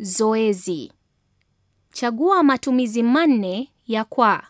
Zoezi. Chagua matumizi manne ya kwa.